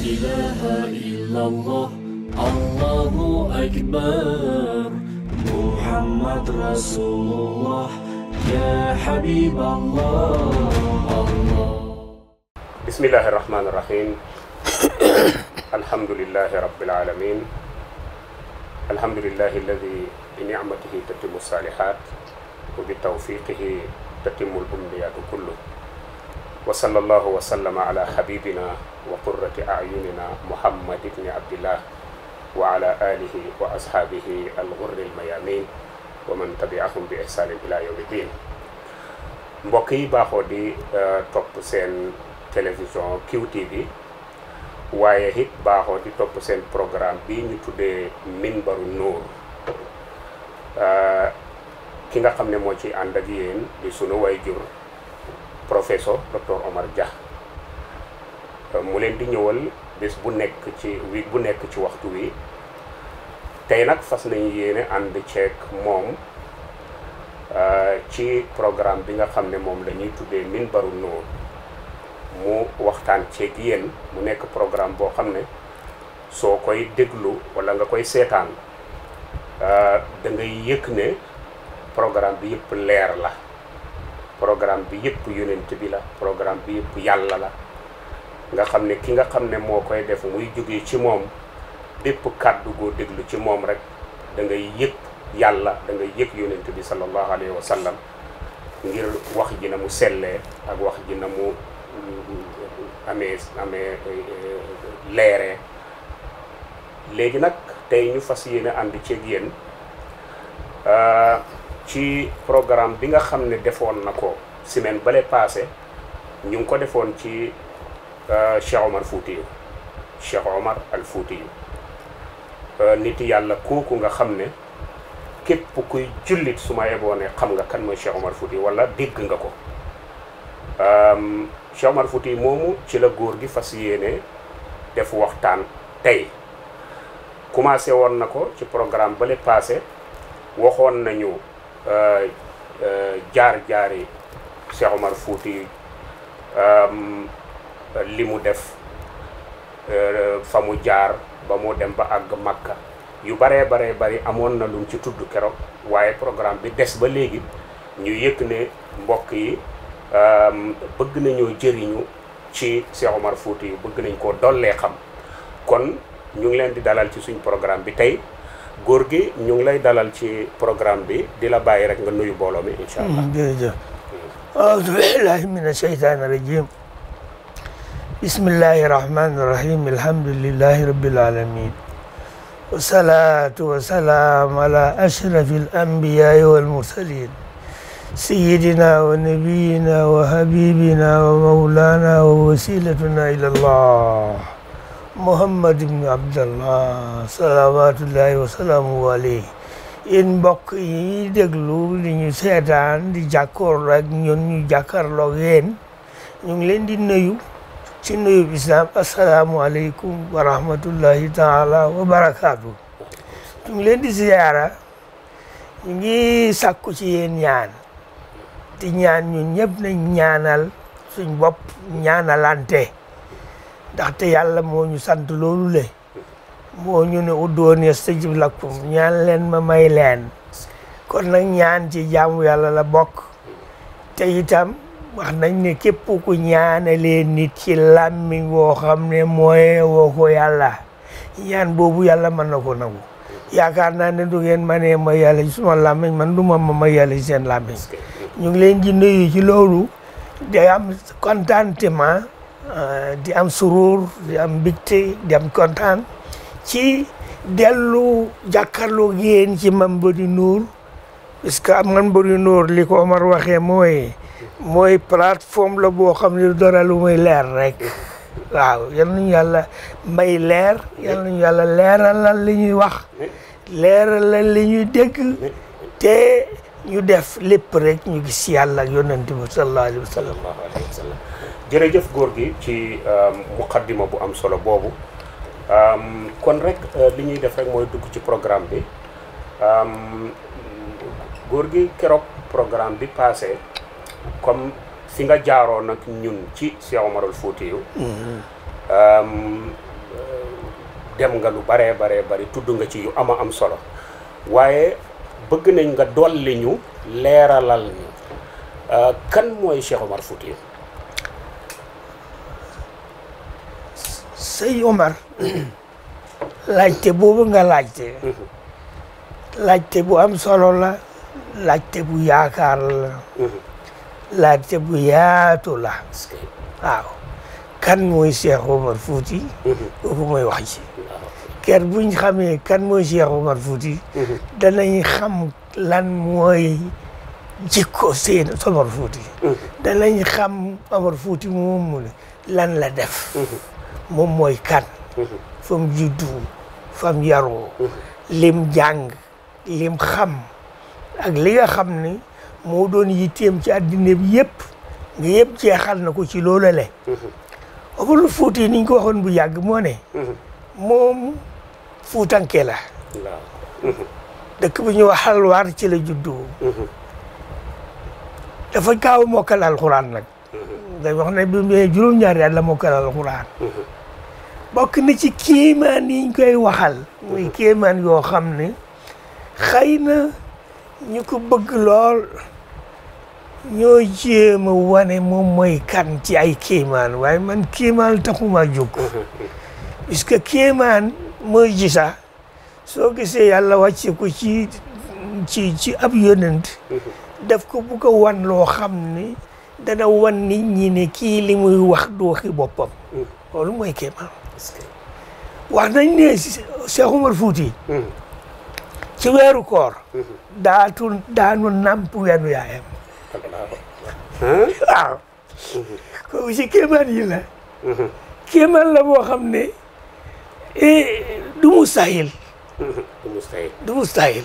إله إلا الله الله أكبر محمد رسول الله يا حبيب الله الله بسم الله الرحمن الرحيم الحمد لله رب العالمين الحمد لله الذي بنعمته تتم الصالحات وبتوفيقه تتم الأمنيات كله wa sallallahu wa sallama ala habibina wa qurrati ayunina muhammad ibni abdillah wa ala alihi wa ashaabihi alghurri almayamin wa man tabiahum bi ihsanin ila yawmi din mbokk yi baaxoo di euh, topp seen télévision QTV waaye baaxoo di topp seen programme bi ñu tuddee minbaru nuur euh, ki nga xam ne moo ci ànd ak di sunu way jur professeur docteur Omar Dia euh, mu len di ñëwal bés bu nekk ci week bu nekk ci waxtu wi tay nak fas nañu yéene ànd mom euh ci programme bi nga xam ne lañuy tuddé ñuy min baru noor mu waxtaan ak yeen mu nekk programme bo xam so koy déglu wala nga koy euh da ngay yëg ne programme bi yëpp leer la programme bi yëpp yonent bi la programme bi yëpp yàlla la nga xam ne ki nga xam ne moo koy def muy jóge ci moom bépp kàddu goo déglu ci moom rek dangay ngay yàlla da ngay yëg yonent bi sallallahu alayhi wa sallam ngir wax ji na mu sellee ak wax ji na mu amee amee eh, leeree léegi nag tey ñu fas yéene ànd ceeg yéen euh, ci programme bi nga xam ne defoon na ko semaine bale passé ñu ngi ko defoon ci euh, Cheikh Omar Foutiyu Cheikh Omar al Foutiyu euh, nit yàlla kooku nga xam ne képp kuy jullit su ma yeboone xam nga kan mooy Cheikh Omar Foutiyu wala dégg nga ko euh, Cheikh Omar fuuti moomu ci la góor gi fas yéene def waxtaan tey commencé woon na ko ci programme bale passé waxoon na nañu Euh, euh, jaar-jaari Cheikh fuuti Fouti euh, li mu def fa mu jaar ba moo dem ba àgg Makka yu baree baree bari amoon na lum ci tudd keroog waaye programme bi des ba léegi ñu yëkk ne mbokk yi bëgg nañoo jëriñu ci Cheikh Omar Fouti yu bëgg nañ ko dollee xam kon ñu ngi leen di dalal ci suñu programme bi tey góor gi ñu ngi lay dalal ci programme bi di la bàyyi rek nga nuyu mbooloo mi incha allah أعوذ بالله من الشيطان الرجيم بسم الله الرحمن الرحيم الحمد لله رب العالمين والصلاة والسلام على أشرف الأنبياء والمرسلين سيدنا ونبينا وحبيبنا ومولانا ووسيلتنا إلى الله Muhammad ibn Abdallah salawaatullahi wa salaamu alayhi in mbokk yi déglu di ñu seetaan di jàkkoor rek ñun ñu jàkkaarloog yéen ñu ngi leen di nuyu ci nuyu islam asalaamualeykum wa rahmatullahi taala wa barakaatu ñu ngi leen di ziyaara ñu ngi sakku ci yéen ñaan di ñaan ñun ñëpp nañ ñaanal suñ bopp ñaanalante ndaxte yàlla moo ñu sant loolu le moo ñu ne uddoon yastajib lakum ñaan leen ma may leen kon nag ñaan ci jaamu yàlla la bokk te itam wax nañ ne képp ku ñaanalee nit ci làmmiñ woo xam ne mooy woo ko yàlla ñaan boobu yàlla mën na ko nangu yaakaar naa ne du ngeen ma yàlla ci suma man du ma ma ma yàlla ci seen làmmiñ ñu leen di nuyu ci loolu day am contentement Euh, di am surur di am mbégte di am kontaan ci dellu jàkkaarloo yéen ci Mame Body Nour puisque am Mame Body Nour li ko Omar waxee mooy mooy plateforme la boo xam ne dara lu muy leer rek waaw yal nañu yàlla may leer yal nañu yàlla leeralal li ñuy wax leeralal li ñuy dégg te ñu def lépp rek ñu gis yàlla ak yonent bi sallallahu alayhi wa sallam jërëjëf góor gi ci euh, muqaddima bu am solo boobu euh, kon rek euh, li ñuy def rek mooy dugg ci programme bi góor gi keroog programme bi paase comme si nga jaaroo nag ñun ci Cheikh Omarul Foutiyu mm-hmm. dem nga lu baree baree bari tudd nga ci yu ama am solo waaye bëgg nañ nga dolli ñu leeralal ñu kan mooy Cheikh Omar sëñ Omar laajte boobu nga laajte laajte bu am solo la laajte bu yaakaar la laajte bu yaatu la waaw kan mooy Cheikh Omar Fouti kooku mooy wax ci ker buñ xamee kan mooy Cheikh Omar Fouti danañ xam lan mooy jikko seen Omar Fouti danañ xam Omar Fouti moom mu lan la def moom mooy kan mm-hmm. fam juddu fam yaroo mm-hmm. lim jàng lim xam ak li nga xam ni moo doon yitteem ci addina bi yëpp nga yëpp na ko ci loola le Omar mm-hmm. Fuuti ni ñu ko waxoon bu yàgg moo ne moom fuutanke la dëkk bu ñu wax Halwaar ci la juddu dafa gaaw mokkal alxuraan nag dañ wax ne bi mu juróom-ñaari at la mokkal alxuraan bokk na ci kéemaan yiñ koy waxal muy kéemaan yoo xam ne xëy na ñu ko bëgg lool ñoo jéem a wane moom mooy kan ci ay kéemaan waaye man kéemaan taxuma jóg puisque kéemaan mooy gisa soo gisee yàlla wàcce ko ci ci ci ab yonent daf ko bu ko wan loo xam ni dana wan nit ñi kii li muy wax du waxi boppam mm. loolu mooy kéemaan wax nañ ne Cheikh Umar Fouti. Hmm. ci weeru koor. Hmm. daatu daanu namp wenu yaayam. Hmm. kooku ci kéemaan yi la. la boo xam ne eh, du mustahil. du mustahil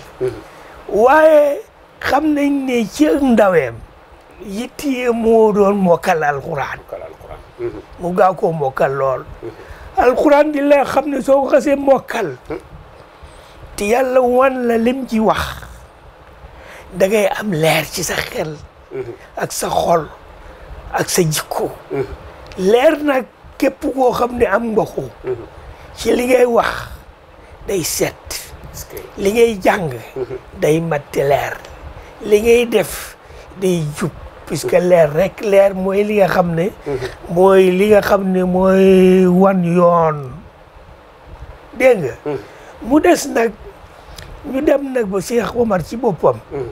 waaye xam nañ ne ci ndaweem. yittiyee moo doon mokkal alquran. mokkal alquran. mu gaaw koo mokkal lool. alxuraan bi la xam ne soo ko xasee mokkal te yàlla wan la lim ci wax da ngay am leer ci sa xel ak sa xol ak sa jikko leer nag képp koo xam ne am nga ci li ngay wax day set li ngay jàng day matt leer li ngay def day jub puisque leer rek leer moy li nga xamné mhm. moy li nga xamné moy wan yoon deng nga mhm. mu dess nak ñu dem nak bo Cheikh Omar ci bopam mhm.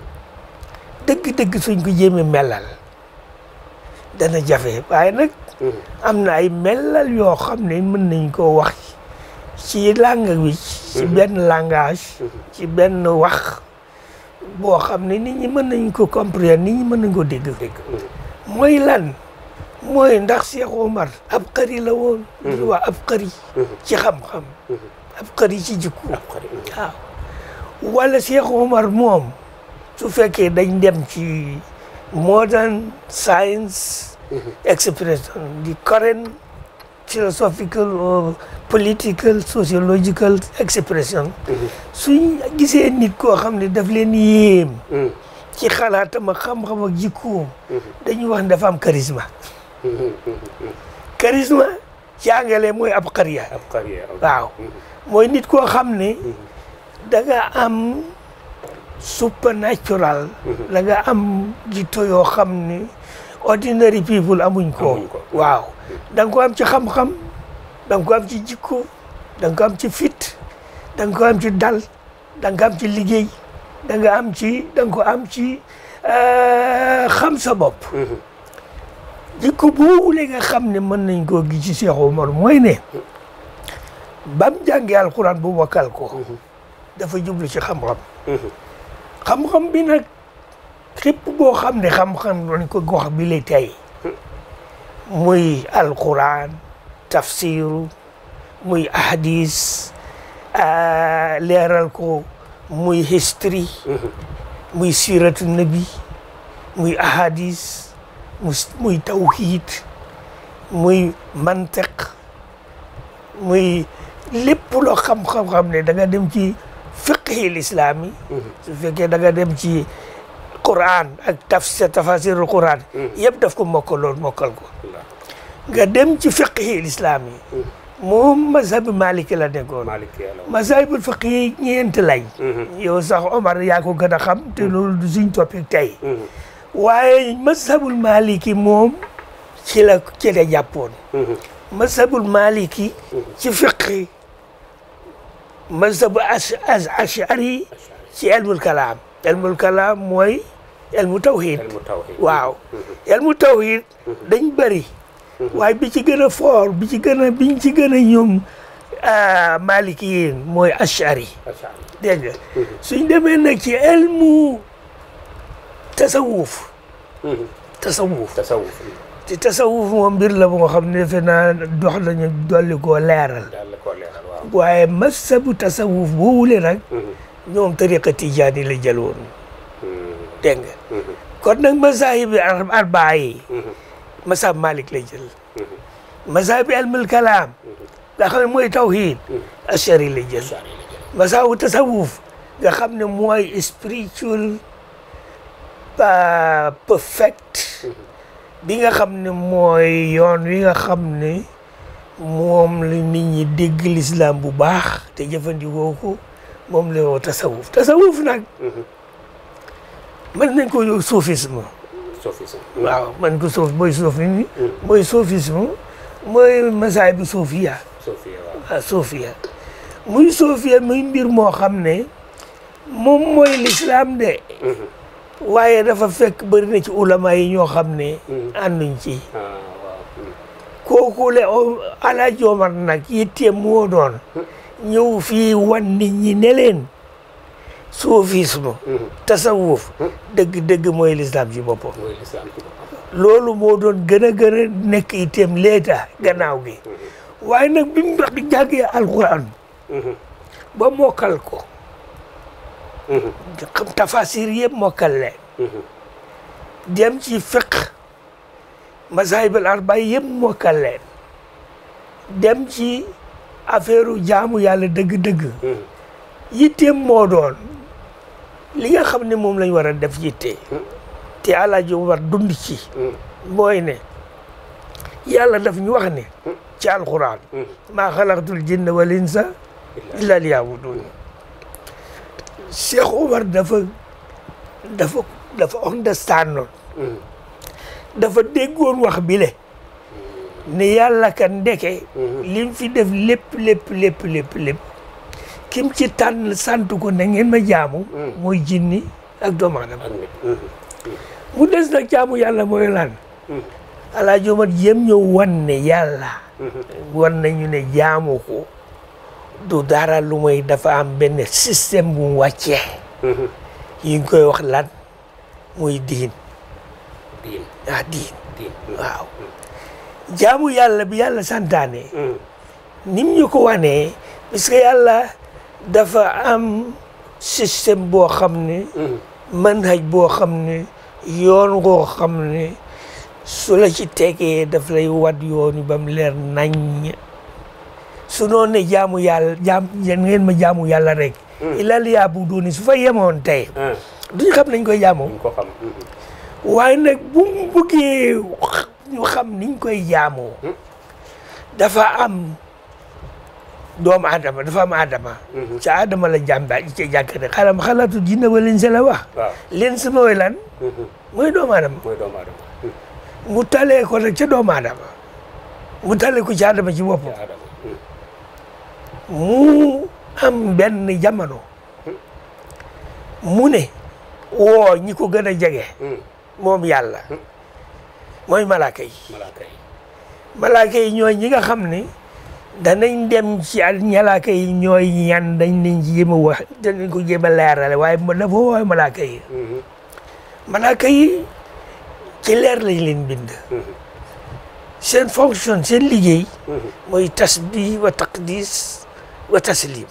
deug deug suñ ko melal dana jafé waye nak am ay melal yo xamné mën nañ ko wax ci langue bi ci ben langage ci ben wax boo xam ne nit ñi mën nañ ko comprendre nit ñi mën nañ ko dégg. dégg mooy lan mooy ndax Cheikh Omar. ab xari la woon. li mhm. wax ab xari mhm. ci xam-xam. Mhm. ab xari ci jikko. waaw wala Cheikh Omar moom su fekkee dañ dem ci modern science. expression di current philosophical political sociological expression mm-hmm. suñ gisee nit koo xam ne daf leen yéem mm. ci xalaatam ak xam-xam ak jikkoom mm-hmm. dañuy wax ne dafa am charisme mm-hmm. charisme ci anglais mooy ab xariya waaw mooy nit koo xam ne da nga am supernatural da am jikko yoo xam ne ordinary people amuñ ko waaw da nga ko am ci xam-xam da nga ko am ci jikko da nga ko am ci fit da nga ko am ci dal da nga am ci liggéey da nga am ci da nga ko am ci euh, xam sa bopp mm-hmm. jikko boobule nga xam ne mën nañ koo gi ci Cheikh Omar mooy ne bam jàngee alquran bu wakkal ko mm-hmm. dafa jublu ci xam-xam mm-hmm. xam-xam bi nag képp boo xam ne xam-xam dañ ko gox bi la tey muy alquran tafsiru muy ahadis ah, leeral ko muy history muy siratu nabi muy ahadis muy tawhid muy mantiq muy lépp loo xam-xam-xam ne da dem ci fiqhi l islaami mm-hmm. su fekkee da nga dem ci quran ak tafsir tafasirul quran hmm. yëpp daf ko mokkaloon mokkal ko nga ci fiqhi lislaam yi hmm. moom mazhabu maliki la nekkoon mazhabul fiqhi yi ñeent lañ hmm. yow sax Omar yaa ko xam te loolu du suñ topic tey waaye mazhabul maliki moom ci la ci la maliki ci fiqhi mazhabu ashari ci ilmul kalaam ilmul kalaam mooy elmu tawhid waaw elmu tawhid dañ bëri waaye bi ci gën a fort bi ci gën biñ ci gën a ñoom ah, maliki mooy ashari dégg nga mhm. suñ demee nag ci elmu mhm. tasawuf tasawuf tasawuf ci tasawuf moom mbir la bu xam ne defe naa dox nañu dolli koo leeral waaye masabu tasawuf boowule nag mhm. ñoom tariqa tijaani la jël dégg nga mm-hmm. kon nag mazahib bi arbaa yi mm-hmm. mazhab Malik lay jël mm-hmm. mazhab bi ilmul kalaam nga ne mooy tawhid ashari lay jël mazhabu tasawuf nga xam ne mooy spiritual euh, perfect bi nga xam ne mooy yoon wi nga xam ne moom la nit ñi dégg l'islam bu baax te jëfandikoo ko moom la woo tasawuf tasawuf nag mën nañ ko soufisme soufisme waaw man ko suuf mooy suuf ni hmm. mooy soufisme mooy masaay bu soofiya soofiya waaw ah, soofiya muy soofiya muy mbir moo xam ne moom mooy lislaam de hmm. waaye dafa fekk bari na ci ulama yi ñoo xam ne hmm. ànduñ ci ah, kooku le Alaaji Omar nag yitteem moo doon ñëw fii wan nit ñi ne leen suufisme mm-hmm. tasawuf dëgg-dëgg mm-hmm. mooy lislaam ci boppam loolu moo doon gën a gën a nekk gi mm-hmm. waaye nag bi mu dox di jàngee alquran ba mokkal ko xam tafasir yëpp mokkal leen dem ci fiq mazahib al arba yëpp mokkal leen dem ci affaire jaamu yàlla dëgg-dëgg yitteem moo doon li nga xam ne moom lañ war a def yitte te alaaji war dund ci mooy ne yàlla daf ñu wax ne ci alquran maa xalaqtul jinna wal insa illa liyabudun Cheikh Omar dafa dafa dafa understand dafa déggoon wax bi le ne yàlla kan ndeke lim fi def lépp lépp lépp kim ci tànn sant ko na ngeen ma jaamu. Mm. mooy jinni ak doomu aadama. Mm-hmm. Mm-hmm. mu des nag jaamu yàlla mooy lan. Mm-hmm. alaaji Omar jéem ñëw wan ne yàlla. wan nañu ne jaamu ko. du dara lu dafa am benn système bu mu wàccee. koy wax lan muy diin. diin ah, diin. jaamu yàlla bi yàlla santaane. nim ñu ko wanee parce que dafa am système boo xam ne hmm. manhaj boo xam ne yoon ngoo xam ne su la ci tegee daf lay wat yoon yi ba leer nañ su noon ne jaamu yàlla jaam ngeen ma jaamu yàlla rek hmm. ilal yaa bu dooni su fa yemoon tey hmm. duñ xam nañ koy jaamoo waaye nag bu mu bëggee xam niñ koy jaamoo dafa am doomu aadama dafa am aadama mhm. ci aadama la jàmm daal ci jàkkate xalam xalaatu jinne wa leen sa la wax leen sa lan mhm. mooy doomu aadama mhm. mu talee ko nag ca doomu aadama mu talee ko ci aadama ci boppam mu am benn jamono mu ne woo ñi ko gën a jege moom yàlla mooy malaaka yi malaaka yi ñooy ñi nga xam ni danañ dem ci al ñalaaka yi ñooy ñan ci jéem a wax danañ ko jéem a leerale waaye dafa wooy mm-hmm. malaaka yi ci leer lañ leen mm-hmm. seen fonction seen liggéey mm-hmm. mooy tasbih wa taqdis wa taslim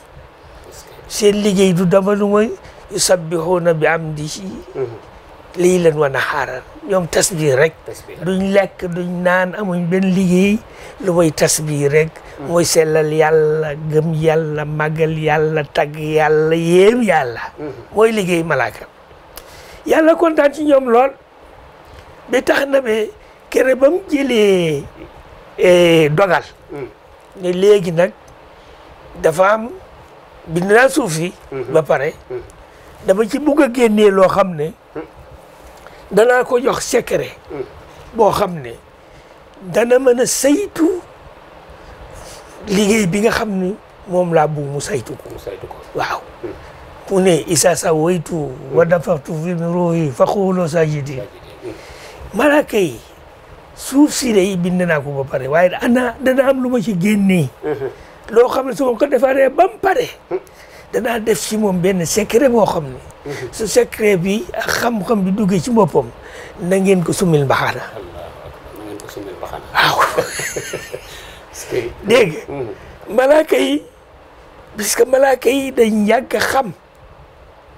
seen liggéey du dama lu mooy yusabbihuna bi amdihi laylan wa naharan ñoom tasbih rek duñ lekk duñ naan amuñ benn liggéey lu mooy tasbih rekk mooy hmm. sellal yàlla gëm yàlla màggal yàlla tagg yàlla yéem yàlla mooy hmm. liggéey malaaka yàlla kontaan ci ñoom lool bi tax na be kere bam mu jëlee eh, dogal hmm. ne léegi nag dafa am bind suuf si ba pare dama ci bugg a génnee loo xam ne danaa ko jox secret boo xam ne dana mën a saytu liggéey bi nga xam ni moom laa bugg mu saytu ko. waaw. Hmm. mu ne Isa sa waytu. wa hmm. dafartu fi min ruuhi fa xuuloo sajidin hmm. malaaka yi suuf si day bind naa ko ba pare waaye ana dana am lu ma ci génnee. loo xam ne su ma ko defaree ba pare. danaa def si moom benn secret boo xam ne. su secret bi ak xam-xam bi duggee ci boppam na ngeen ko sumil mbaxana. na ngeen ko sumil mbaxana. waaw. dégg hmm. yi puisque malaaka yi dañ xam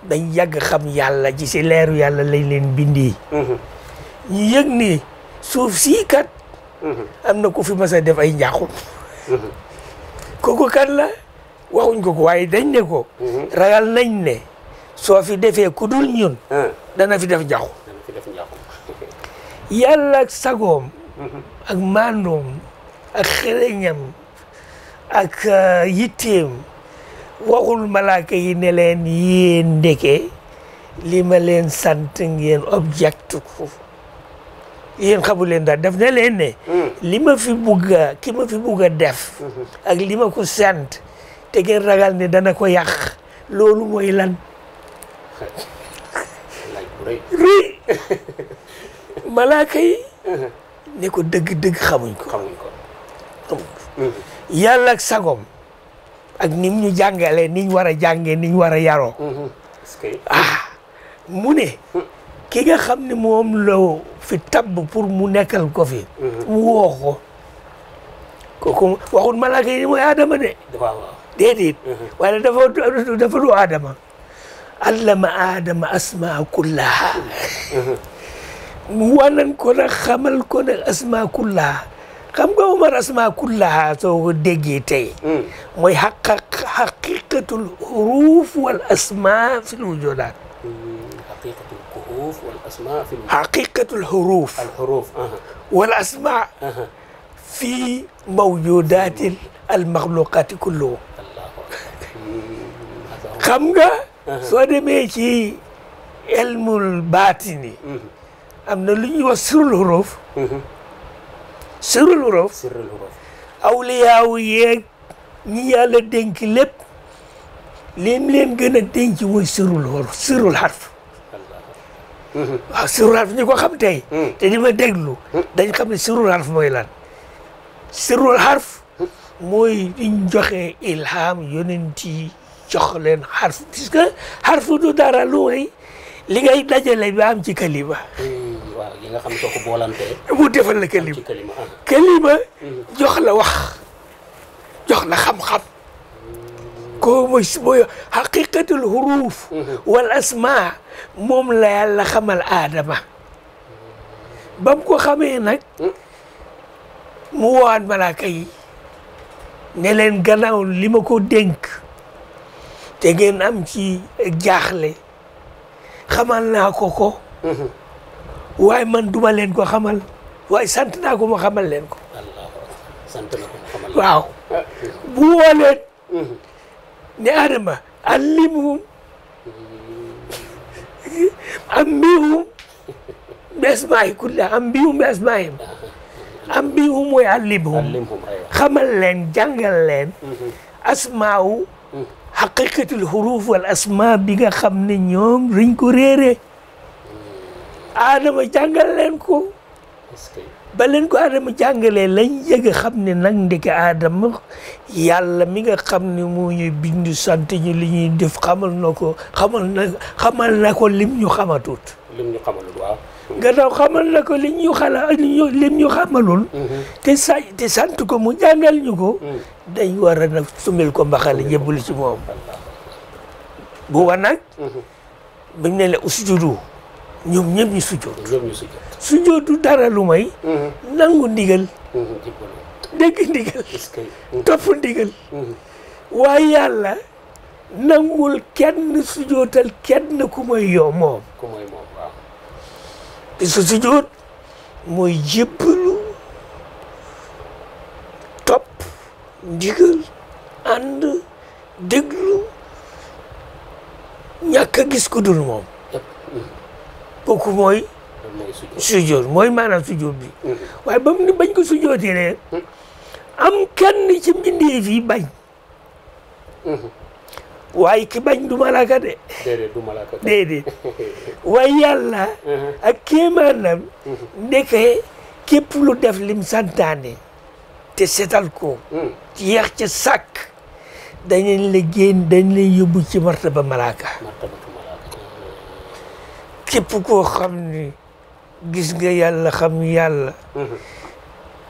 dañ yàgg xam yàlla ci si leeru yàlla lañ leen bindi hmm. ñu yëg ni suuf sii kat hmm. am na ku fi mas def ay njaaxum kooku kan la waxuñ ko waaye dañ ne ko ragal nañ ne soo fi defee ku dul ñun. Ah. dana fi def njaxu. dana ak sagoom. ak maandoom ak xereñam ak ah, yitteem waxul malaaka yi ne leen yéen ndeke li ma leen sant ngeen object ko yéen xamu leen daal def ne leen ne hmm. li ma fi bugga ki ma fi bugga def hmm. ak li ma ko sant te ngeen ragal ne dana ko yàq loolu mooy laaj bu rëy rëy malaaka ko dëgg-dëgg xamuñ ko xamuñ ko hmm. ak sagom ak nim ñu jàngalee niñ war a jàngee niñ war a yaroo hmm. ah mu ne hmm. ki nga xam ne moom la fi tabb pour mu nekkal ko fi mu ko kooku waxul malaaka ni mooy aadama de déedéet waaye dafa du aadama علم آدم أسماء كلها وانا كنا خمل كنا أسماء كلها كم عمر أسماء كلها تو دقيتي ما يحقق حقيقة الحروف والأسماء في الوجودات حقيقة الحروف والأسماء في الوجودات. حقيقة الحروف الحروف والأسماء في موجودات المخلوقات كله خمجة Uh-huh. soo demee ci elmul baatini uh-huh. am na lu ñuy wax sirul huruf uh-huh. sirul huruf sirul huruf awliyaawu yeeg ñi yàlla dénk lépp lim leen gën a dénc mooy sirul huruf sirul harf sirul harf ñu ko xam tey te di ma déglu dañ xam ne sirul harf mooy lan sirul harf mooy diñ joxe ilham yonent jox leen xarf puisque xarf du li ngay dajale ba am ci kalima. Hmm, nga xam soo ko boolantee. mu defal la kalima kalima ah. hmm. jox la wax jox la xam-xam. Hmm. ko mooy mooy xaqiqatul xuruuf. wal asmaa moom la yàlla xamal aadama. ba bam ko xamee nag. mu woowaat malaaka yi ne leen gannaaw li ma ko dénk. te ngeen am ci jaaxle xamal naa ko ko mhm. waaye man duma leen ko xamal waaye sant naa ko ma xamal leen ko sant na ko ma xamal waaw mhm. mhm. ne adama allimhum am mbihum asmaahi kulla am mbihum asmaahim am mbihum allimhum xamal leen jàngal leen asmaawu xaqiqatul xuruf wal asma bi nga xam ne ñoom dañ ko réeree aadama jàngal leen ko ba leen ko aadama jàngalee lañ yëg xam ne nag ndeke aadama yàlla mi nga xam ne moo ñuy bindu sant ñu li ñuy def xamal na ko xamal na ko lim ñu xamatut lim ñu gannaaw xamal na ko li ñu xala li ñu lim ñu mm-hmm. te sa sant ko mu jàngal ñu ko. Mm. dañ war a nag sumil ko mbaxale jébbalu ci moom. bu wa nag. Mm-hmm. buñ ne la usjudu ñoom ñëpp ñu sujjoot. ñoom ñu sujjoot dara lu may. Mm-hmm. nangu ndigal. dégg ndigal. topp ndigal. waaye yàlla nangul kenn sujjootal kenn ku may yoo moom. bisu sujjóot mooy jébbalu topp ndigal ànd déglu ñàkk gis ku dul moom kooku mooy sujjóot mooy maanaam sujjóot bi waaye ba ni bañ ko sujjóotee am kenn ci mbindeef yi bañ waaye ki bañ du malaaka de déedéet du malaaka déedéet waaye yàlla uh-huh. ak kéemaanam uh-huh. ndeke képp lu def lim santaane te setal ko ci hmm. yeex ca sàkk dañañ la génn dañ lay yóbbu ci martaba malaaka képp koo xam ni gis nga yàlla xam yàlla uh-huh.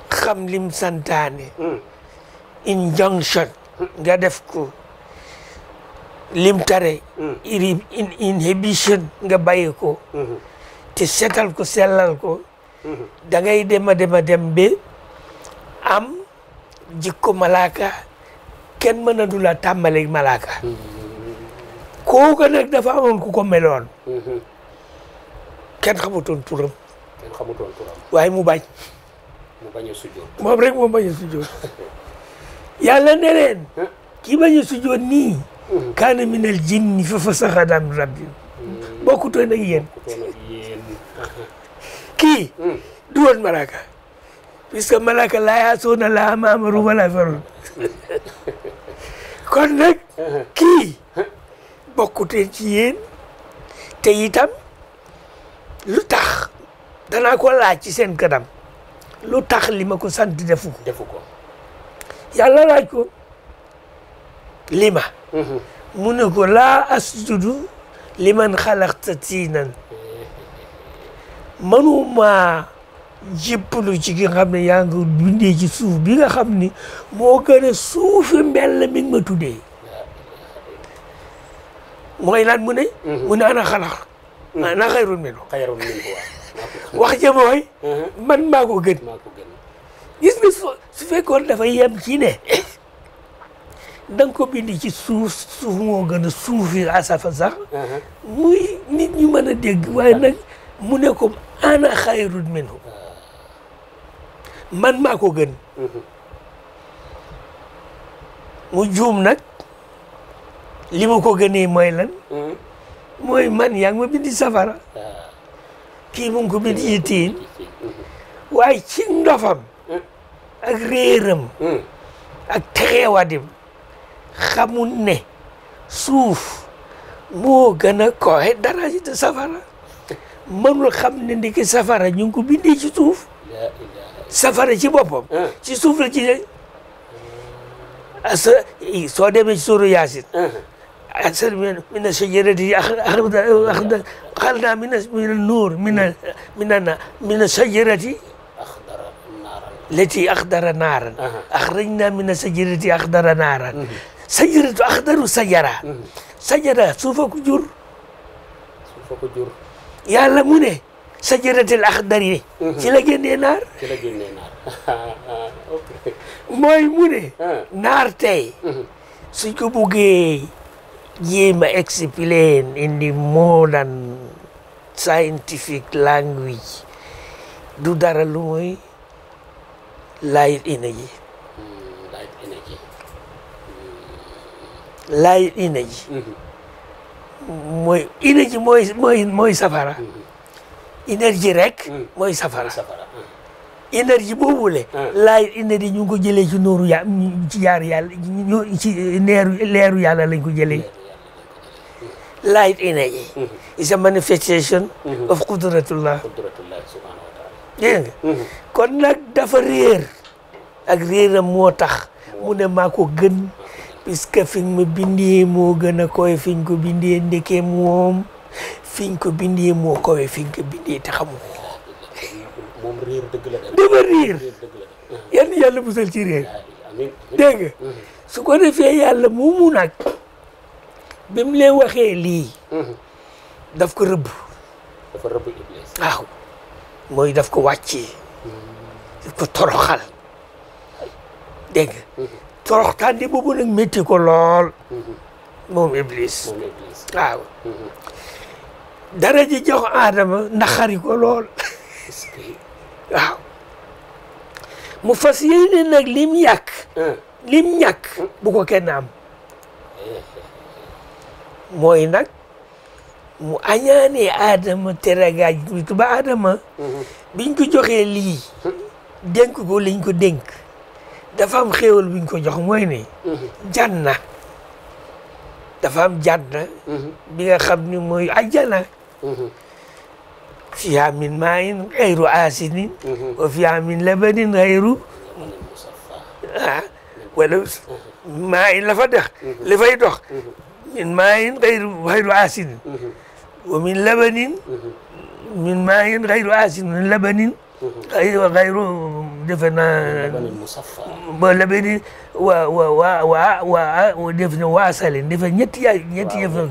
xam lim santaane hmm. injonction hmm. nga def ko lim tare mm. inhibition nga baye ko mm-hmm. te setal ko sellal ko mm-hmm. da ngay dem a dem a am jikko malaaka kenn mën a du malaaka mm-hmm. kooku nag dafa amoon ku ko meloon kenn xamutoon turam kenn xamutoon turam waaye mu bañ mu bañ a sujjoon moom rek bañ a sujjoon kaana minal jinni fa fasaxa an rabbi bokkutoon ak yéen kii du woon malaaka puisque malaaka laa yaasuuna laa maa amaru wala faroon kon nag kii bokkuteen ci yéen te itam lu tax danaa ko laaj ci seen kanam lu tax li ma ko sant defu ko defu ko ko lima mhm. mu ne ko laa asjudu liman xalaqta tiinan manuma jëppalu ci ki xam ne yaa ngi suuf bi nga xam ni moo gën a suufi mbell mi nga ma tuddee mooy lan mu ne mhm. mu ne ana xalaq mhm. ana xayrun minhu xayrun minhu wax ja man maa ko gën gis su fekkoon dafa yem ci ne da nga ko bindi ci suuf suuf moo gën a suufi sax uh-huh. muy nit ñu mën a dégg waaye uh-huh. nag mu ne ko ana xayrun minhu man maa ko gën uh-huh. mu juum nag li ma ko gënee mooy lan mooy man yaa ngi ma bindi safara kii mu ngi ko bindi yitiin waaye ci ndofam ak réeram ak texeewadim xamul ne suuf moo gën a kowe dara ci safara mënul xam ne ndiki safara ñu ngi ko bindee ci suuf safara ci boppam ah. ci suuf la ci ne as soo demee ci suuru yaasin ah. asr min ash-shajarati axdar xalna min an-nuur min ash-shajarati lati axdara naaran axrajna ah. min ash-shajarati axdara naaran mm-hmm. tu akhdaru sayyara sajada suufa ku jur suufa ku jur yàlla mu ne sajadatil akhdari ci la génnee naar ci la génnee naar mooy mu ne naar tey suñ ko explain in the modern scientific language du dara lu mooy light energy laay ina ji mooy ina ji mooy safara énergie rek mooy safara énergie boobule ah. laay ina ji ñu ko jëlee ci nooru ya ci yaaru yàlla ñu ci neeru leeru yàlla lañ ko jëlee light energy is a manifestation mm-hmm. of qudratullah qudratullah subhanahu mm-hmm. dafa réer ak réeram moo tax mu ne maa gën ah. puisque fiñ ma bindee moo gën a koy fiñ ko bindee ndeke moom fiñ ko bindee moo koy fiñ ko bindee te xamu ko. moom réer dëgg la yàlla musal ci réer dégg su ko defee yàlla moomu nag mu leen waxee lii daf ko rëbb dafa mooy daf ko wàccee hmm. daf ko toroxal dégg nga hmm. toroxtaande boobu nag métti ko lool mm-hmm. moom mm-hmm. dara ji jox aadama naxari ko lool mu fas yéene nag lim yàq mm. lim ñàkk mm. bu ko kenn am mooy nag mu añaanee aadama teragaaj bi tuba aadama mm-hmm. biñ ko joxee lii dénk ko liñ ko dénk dafa am xéewal buñ ko jox mooy ni mhm. janna dafa am janna mhm. bi nga xam ni mooy ajjana mhm. fiha min maain xayru aasinin wa fiha min labanin xayru ah wala maain la fa dex li fay dox min maain xayru xayru aasinin wa min labanin min maain xayru aasinin labanin ايوه غيروا دفن لبني و و و و و ودفن واصل دفن نتي نتي دفن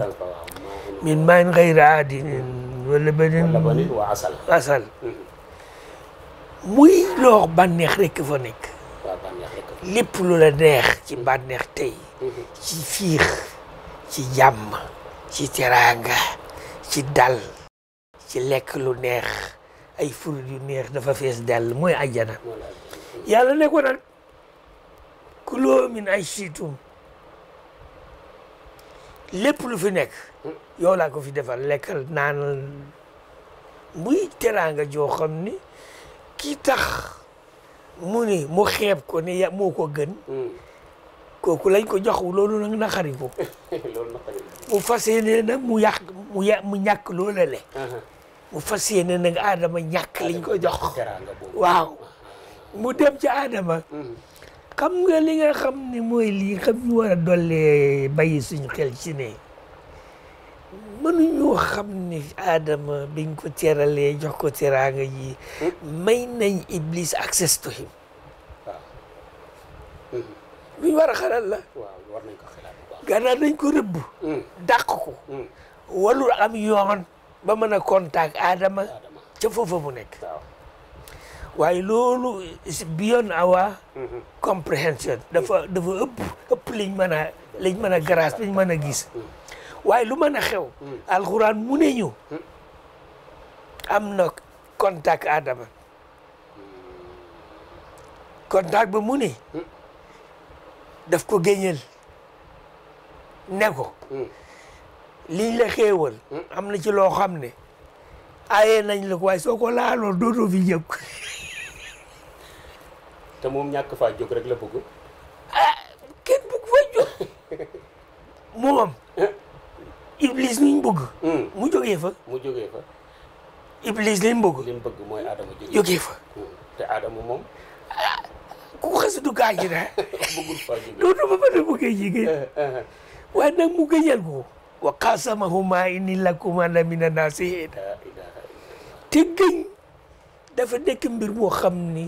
من ماء غير عادي ولبني وعسل عسل موي لوغ بانيخ ريك فونيك لب لولا نيخ تي بانيخ تي تي فيخ تي يام تي تيراغا تي دال تي ليك لو نيخ ay fruit yu neex dafa fees dell mooy ajjana yàlla ne ko nag kuloo min ay siitum lépp lu fi nekk yow laa ko fi defal lekkal naanal muy teraanga joo xam ni kii tax mu ni mu xeeb ko ne ya moo ko gën hmm. kooku lañ ko jox loolu nag naqari ko mu fas yéene nag mu yàq mu yà mu fas yéene nag aadama ñàkk liñ ko jox waaw mu dem ci aadama mm-hmm. xam nga li nga xam ni mooy lii xam ñu war a dollee bàyyi xel ci ne mënuñu xam ni aadama biñ ko teralee jox ko teraanga ji mm-hmm. may nañ iblis access to him ah. mm-hmm. luñ war a la war nañ ko xalaat gannaaw dañ mm. mm. am yoon ba mën a contact Adama ca foofa bu nekk waaye loolu beyond our mm-hmm. comprehension dafa dafa ëpp ëpp liñ mën a liñ mën a grâce liñ mën a gis mm. waaye lu mën a xew mm. alxuraan mu ne ñu mm. am na contact Adama contact ba mu ne daf ko géñal ne ko liñ la xéewal am na ci loo xam ne aye nañ la waaye soo ko laaloo dootoo fi jëm te moom ñàkk fa jóg rek la bëgg ah kenn bëgg faa jóg moom eh? iblis liñ bëgg hmm. mu jógee fa iblis liñ bëgg liñ bëgg mooy Adama jógee fa hmm. te Adama moom ah, ku xas du gaañ na bëggul faa jógee dootuma mën a eh, eh, waaye nag mu gëñal ko wa qasamahuma inni lakuma la mina nasihin te gëñ dafa nekk mbir moo xam ni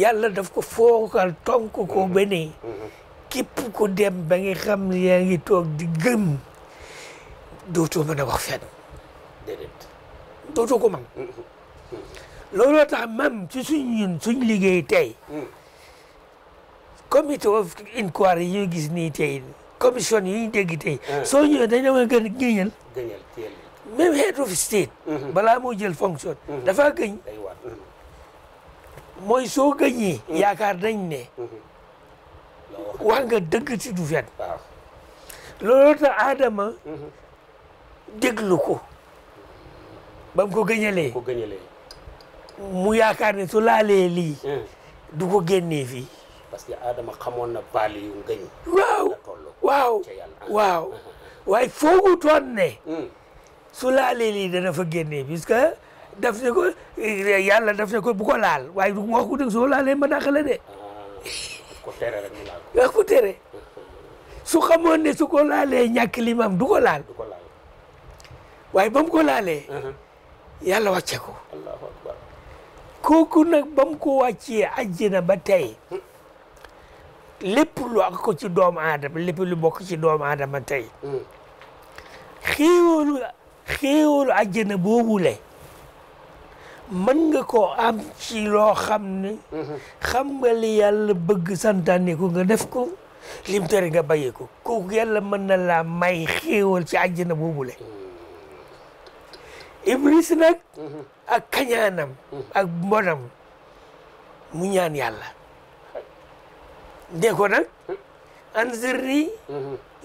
yàlla daf ko fookal tonk ko mhm. ba ne mhm. képp ku dem xam ne ngi toog di gëm dootoo mën wax fenn déedéet dootoo ko man mhm. looloo tax mam ci suñ ñun suñ liggéey tey comité of inquiry yi gis nii tey commission yi ñu dégg tey. Eh. soo ñëwee dañ la mën a gën a gëñal. même head of state. Mm-hmm. balaa moo jël fonction. Mm-hmm. dafa gëñ. Mm-hmm. mooy soo gëñee. yaakaar dañ ne. wax nga dëgg ci du fen. looloo Adama. déglu ko. ba mu ko gëñalee. mu yaakaar ne su laalee lii. Eh. du ko génnee fii. parce que Adama xamoon na valeur yu ngëñ. waaw waaw waaye foogutoon ne hmm. su laalee lii dana fa génnee puisque daf ne ko yàlla daf ne ko bu ko laal waaye du wax ko dëgg soo laalee ma dàq de ah, ko tere rek mu laal ko tere su xamoon ne su ko ñàkk li maam du ko laal ko laalee uh-huh. yàlla wàcce ko kooku nag ba tey hmm. lépp lu ak ko ci doomu aadama lépp lu bokk ci doomu aadama tey mm. xéewalu xéewalu àjjana boobule mën nga ko am ci loo xam ne mm-hmm. xam nga li yàlla bëgg santaane ko nga def ko lim tere nga bàyyi ko kooku yàlla mën na la may xéewal ci àjjana boobule mm. iblis nag mm-hmm. ak kañaanam mm. ak mbonam mu ñaan yàlla dee ko nag an zirri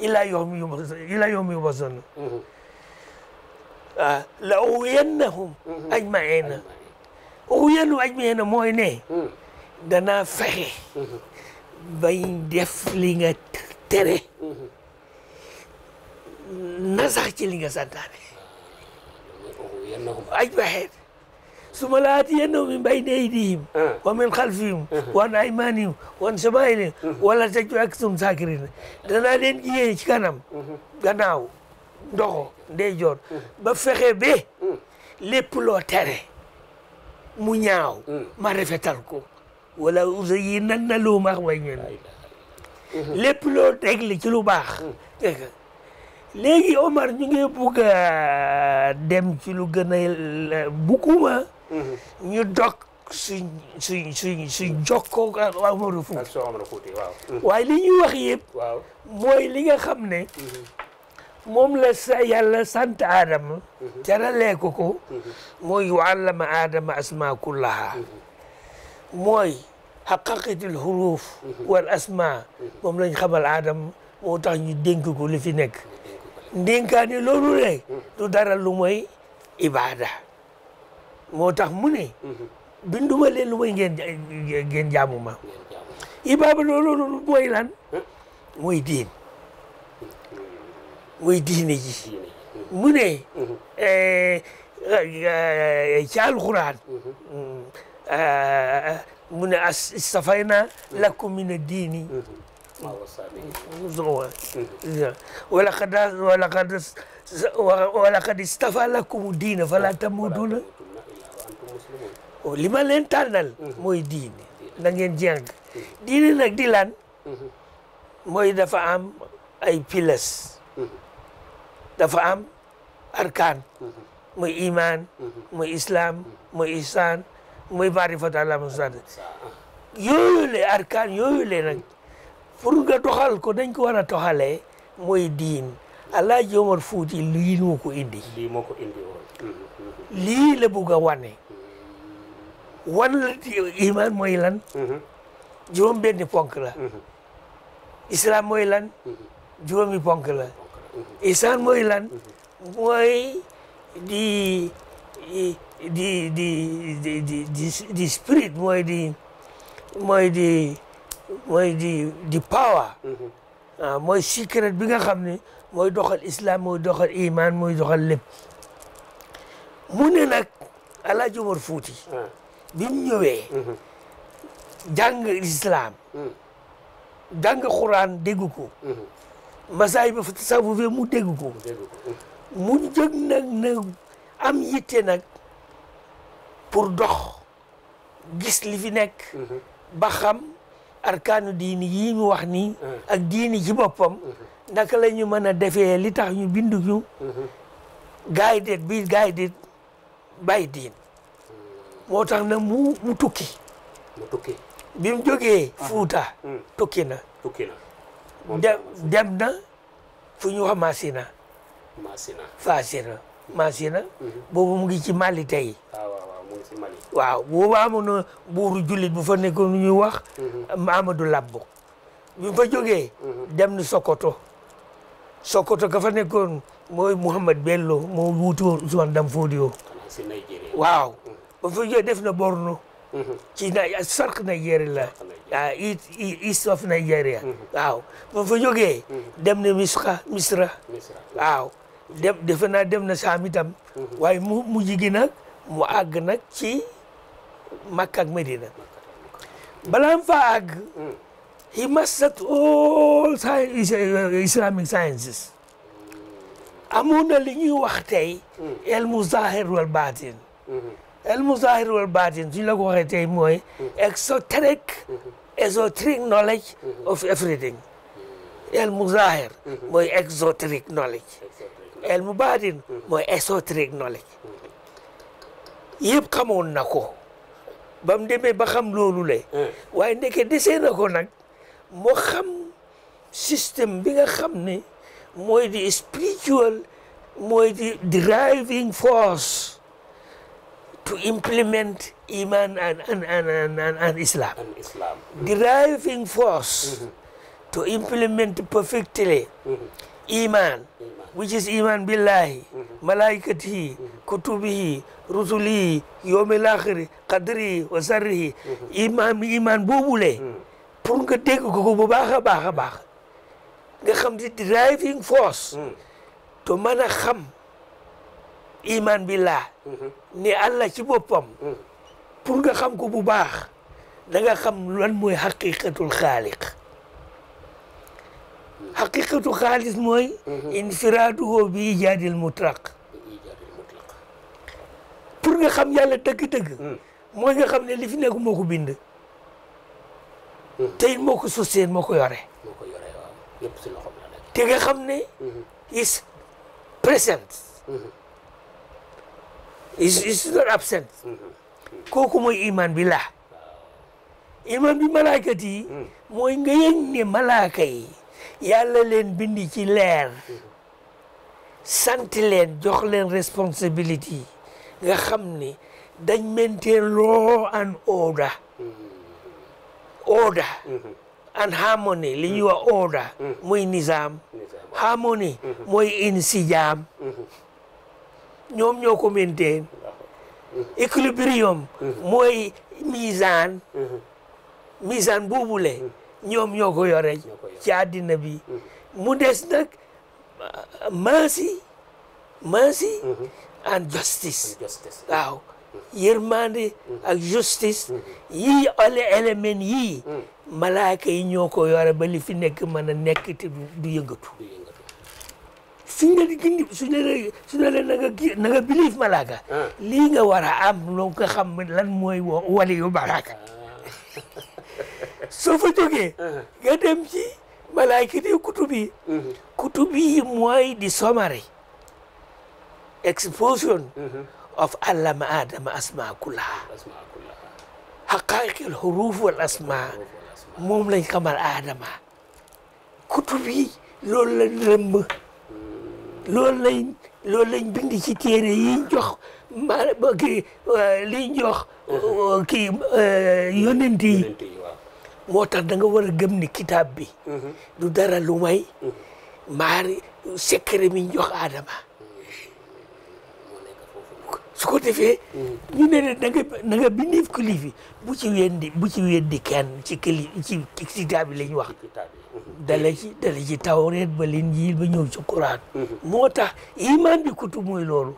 ilaa yawmi yub'athun ilaa yawmi yub'athun ah la ughwiyannahum hmm. ajma'ina hmm. ughwiyannahum ajma'ina mooy ne hmm. danaa fexe bañ def li nga tere na sax ci li nga santaane ah, aj maxeet suma laatiyannahum min bayni aydihim ah. wa min xalfihim ah. wa an aymanihim wa an shamailihim ah. wala tajidu aktharahum saakiriin danaa leen jiyee ci kanam gannaaw ndoxo ndeyjoor ba fexe ba lépp loo tere mu ñaaw ma rafetal ko wala uzayyinanna lahum a'maalahum lépp loo tegle ci lu baax léegi Omar ñu ngi bugg a dem ci lu gën a bugguma ñu dog suñ suñ suñ suñ jokkoo ak Omar Fouti. ak Omar Fouti waaw. waaye li ñuy wax yëpp. waaw mooy li nga xam ne. moom la sa yàlla sant aadama jaralee ko ko mooy wa allama aadama asma kullaha mooy xaqaqatil xuruuf wal asma moom lañ xamal aadama moo tax ñu dénk ko li fi nekk ndénkaane loolu le du dara lu mooy ibaada moo tax mu ne. Mhm. binduma leen lu may ngeen jaamu ma. ibaaba loolu mooy lan. Hmm? mooy diin. Hmm. mooy diine ji. Hmm. mu ne. Mhm. Eh, ci alxuraan. Mhm. Eh, mu ne astafayna lakum min addiini. walaqad walaqad istafaa lakum diina falaa tamuutunna o oh, lima len tanal mhm. moy diine na ngeen jeng mhm. diine nak di lan mhm. moy dafa am ay pilas dafa am arkan moy iman moy islam moy ihsan moy maarifatu allah musada yooyu le yoyule yooyu le nag pour nga doxal ko dañ ko wara a moy diine diin alaaji Omar Fuuti lii ko indi lii li bugg a wane wan iman mooy lan mhm. juróom benni ponk mhm. islam mooy lan juróomi ponk la isaan mooy lan di di di di di spirit mooy di mooy di mooy di di power mhm. ah secret bi nga xam ne doxal islam mooy doxal iman mooy doxal lépp mu nak ala Alaaji Umar bi mu ñëwee. Mhm. jàng lislaam mhm. jàng xuraan dégg ko. Mhm. masaay ba fa tasawuf mu dégg ko. mu jóg nag na am yitte nag pour dox gis li fi nekk. ba xam arkaanu diini yii ñu wax nii. ak diini ci boppam. naka la ñu mën a defee li ñu bindu ñu. guided bi guided by moo tax na mu mu tukki. mu tukki bi jógee. Ah. Fuuta. Hmm. tukki na. tukki na dem dem na fu ñu wax Masina. Masina Faasina Masina. Hmm. boobu mu ngi ci Mali tey. Ah, waaw waaw mu ngi ci Mali. waaw boobu bu fa nekkoon nu ñuy wax. Hmm. Amadou Labbo. bi mu fa jógee. dem na Sokoto. Sokoto ka fa nekkoon mooy Mouhamed Bello moo wuutu woon Ousmane Danfodio. waaw. borno. بورنو mhm. ci sark Nigeria la Ya east of Nigeria waaw ba fa jógee dem na misra misra waaw dem defe naa dem na saam itam mhm. mu mu jigi nak mu ag nak ci Makka ak Medina balaa fa ag. Mm. he mastered all uh, Islamic sciences mm. Amuna li ñuy wax tay el mm. zahir wal batin. Mhm. ilmu zahir wal batin suñ la ko waxee tey mooy exoteric exoteric knowledge of everything ilmu zahir mooy exoteric knowledge ilmu batin mooy exoteric knowledge yëpp xamoon na ko ba mu demee ba xam loolu le waaye ndeke desee na ko nag moo xam système bi nga xam ne mooy di spiritual mooy di driving force to implement Iman and, and, and, and, and Islam. And Islam. Mm-hmm. Driving force mm-hmm. to implement perfectly mm-hmm. Iman, which is Iman Billahi, Malaikatihi, Kutubihi, Rusuli, Yomil kadri, wasari, Wasarihi, Iman, Iman Bubule. Mm. pour nga dégg ko bu baax di driving force. Mm. iman billah mhm. ni allah ci boppam mhm. pour nga xam ko bu baax da nga xam lan mooy xaqiqatul xaaliq xaqiqatu mhm. xaalis mooy infiraaduhu bi ijaadil mutlaq pour nga xam yàlla dëgg-dëgg mooy nga xam ne li fi nekk moo ko bind te it moo moo ko yore te nga xam ne is present is is not absent kooku iman bi laa iman bi malaakat yi mooy nga yëg ne malaaka yi yàlla leen bindi ci leer sant leen jox leen responsibility nga xam ni dañ maintain law and order order and harmony li ñuy wax order mm-hmm. mooy nizaam harmony mm-hmm. mooy insijaam mm-hmm. ñoom ñoo ko maintain équilibrium mooy misaan misaan boobule ñoom ñoo ko yore ci bi mu des nag uh, mercy mercy and justice ak justice yii ole élément yii mm. malaaka yi ñoo ko yore ba li fi nekk mën a nekk te du yëngatu su la di gindi suñ nga malaaka ah. lii nga war a am loo ko xam lan mooy wali yu malaaka ah. soo fa jógee ah. nga dem ci malaaka di kutub mm-hmm. yi mooy di sommary exposition mm-hmm. of allama adama asma kullaha xaqaayiqil xuruuf wal asma moom lañ xamal adama kutub yi loolu la loolu lañ loolu lañ bind ci téere yiñ jox maanaam kii liñ jox mhm. kii euh, yonent yi moo tax danga war a gëm ni kitaab bi mhm. du dara lu may mhm. maari secret mi jox Adama su ko defee. ñu ne da nga da kilif yi bu ci weddi bu ci weddi kenn ci kili ci kitaab bi la ñu ci mhm. dala ci tawreet ba linjiil ba ñëw ci Quraan. Mhm. moo tax iman bi kutub mooy loolu.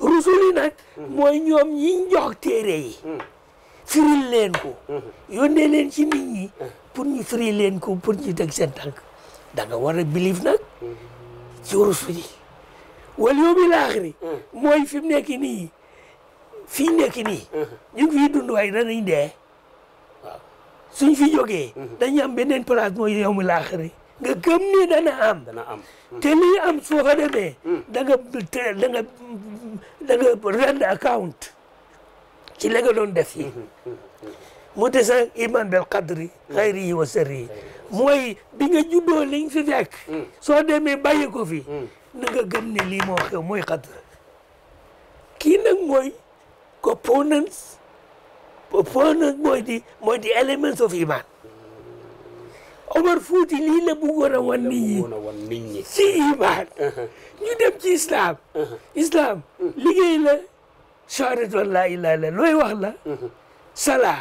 rusul yi mhm. mooy ñoom ñi jox téere yi. firil leen ko. yónnee leen ci nit ñi. pour ñu firi leen ko pour ñu teg seen tànk da nga war a bilif wal yawmil aaxiri hmm. mooy fi mu nekk nii fii nekk nii hmm. ñu ngi fiy dund waaye danañ dee waaw suñ fi jógee hmm. dañu am beneen place mooy yawmil aaxiri nga gëm ni dana am dana am te am soo fa demee da nga da nga account ci legaloon nga def yi mu te sa iman bel qadri xayri wa sërri mooy bi nga juddoo liñ fi fekk soo demee bàyyi ko fi na nga gëm ne lii moo xew mooy xadra kii nag mooy components components mooy di mooy elements of iman Omar Fuuti lii la bëggoon a wan nit ñi ci iman uh-huh. ñu dem ci islam uh-huh. islam uh-huh. liggéey la shahadatu an laa looy wax la sala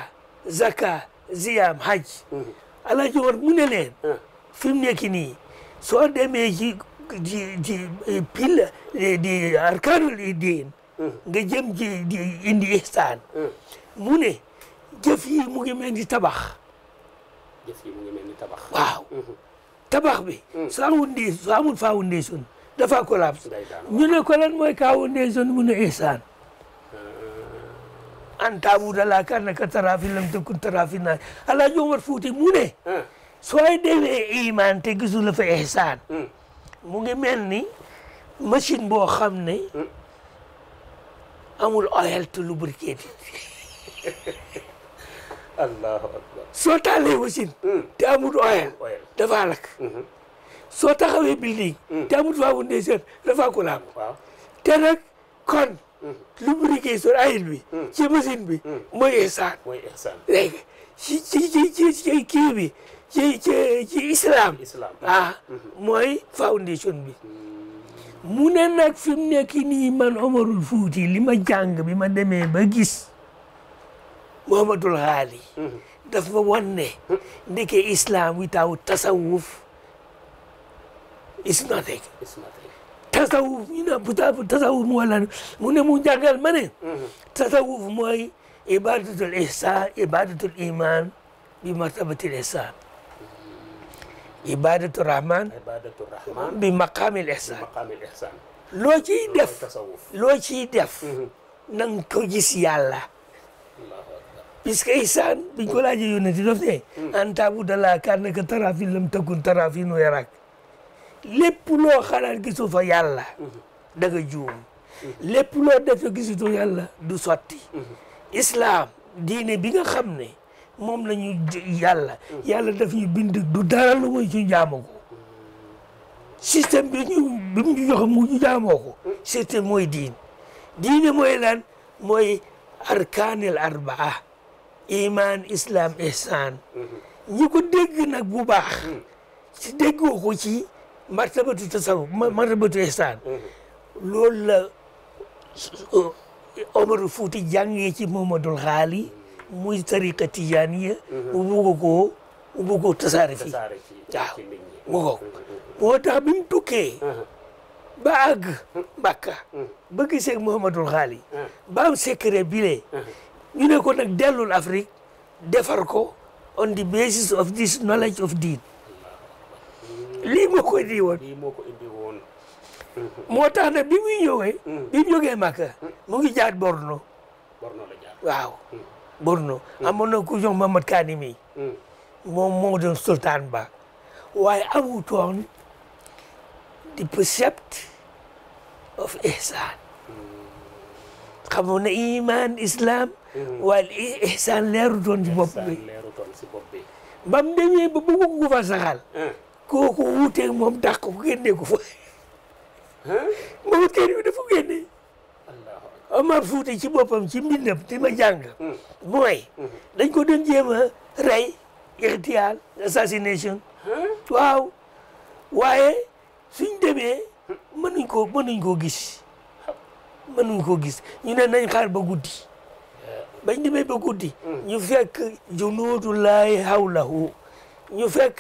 zaka ziyam hajj alaaji war mu ne leen fi mu nekk nii soo demee ci ci ci pile di eh, eh, arkaanul diin hmm. nga jëm ci indi ihsaan hmm. mu ne mu ngi mel ni tabax jëf hmm. tabax bi su amul ndi su amul foundation dafa collapse ñu ne ko mooy kaa foundation mu ne ihsaan an taabuda laa ka annaka lam takun taraa fi naa Alaaji Omar Fuuti mu ne sooy demee iman te gisul fa ihsaan mu ngi mel ni machine boo xam ne amul oil te lubrifié bi. allahu akbar soo machine. Hmm. te amul oil. dafa lakk. Hmm. soo taxawee building. Hmm. te amul faamu dafa ko laam. te nag kon. lubrifié sur oil bi. ci machine bi. mooy ihsaan. mooy ci ci ci islam ah mooy foundation bi mu ne nag fi mu nekk nii man Omarul Fuuti li ma jàng bi ma demee ba gis Muhammadul Xaali mm-hmm. daf ma wanne ndeke islam without tasawuf is nothing tasawuf ñu ne tasawuf mu wala ne mu jàngal ma ne mm-hmm. tasawuf mooy ibadatul ihsan ibadatul iman bi martabatil ihsan ibadatu rahman ibadatu rahman bi maqaamil ihsan loo ciy def loo def mhm. na ko gis yàlla puisque ihsan biñ ko laajee yónnee ti daf ne mhm. an taabu da laa kaan naka tarafin lam takun tarafinu yarak lépp loo xalaat gisu fa yàlla mhm. da juum lépp loo defe gisutoo yàlla du sotti islam diine bi nga xam ne moom la ñu yàlla yàlla daf ñu bind du dara lu mooy ci jaamu ko système bi ñu bi ko système mooy diin diine mooy lan mooy arkaanil arbaa iman islam ihsan ñi ko dégg nag bu baax si déggoo ko ci martabatu tasawuf martabatu ihsan loolu la uh, Omar Fuuti jàngee ci Momadul Xaali muy tariqa tijaaniya mu bugg koo mu bugg koo tasaare fii waaw mu ngoog mm-hmm, mm-hmm. moo tax bi mu tukkee ba àgg Mbàkka mm. ba gisee Mouhamadul Xaali ah. bile ñu ne ko nag dellul Afrique defar ko on the basis of this knowledge of deen lii moo ko indi woon lii moo ko indi woon mm-hmm. moo tax nag bi mm. mu jógee Màkka mm. mu ngi jaat Borno Borno mm. amoon na ku jox Mamadou Kani mm. moom moo doon sultaan ba waaye amutoon the precept of ihsan mm. xamoon na iman islam waaye ihsan leeru ci bopp bi bam demee ba bëgg ko fa saxal ko génne ko fa Mamadou Kani mi dafa Omafu ờ, thì chỉ bộ phẩm chỉ minh nập thì mà giang được. Ngoài, ừ. ừ. đánh đơn giê mà, rei, irtial, assassination. Wow, wae, suñ demee mënuñ koo mënuñ koo gis mënuñ koo gis ñu ne nañ xaar ba guddi. bañ demee ba guddi. ñu fekk junuudu laahi hawlahu ñu fekk